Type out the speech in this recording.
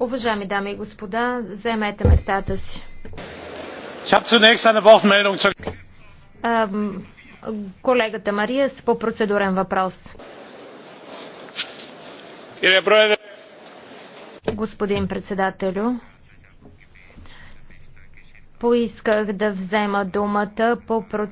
Уважаеми дами и господа, вземете местата си. Колегата Мария с по процедурен въпрос. Господин председателю, поисках да взема думата по процедурен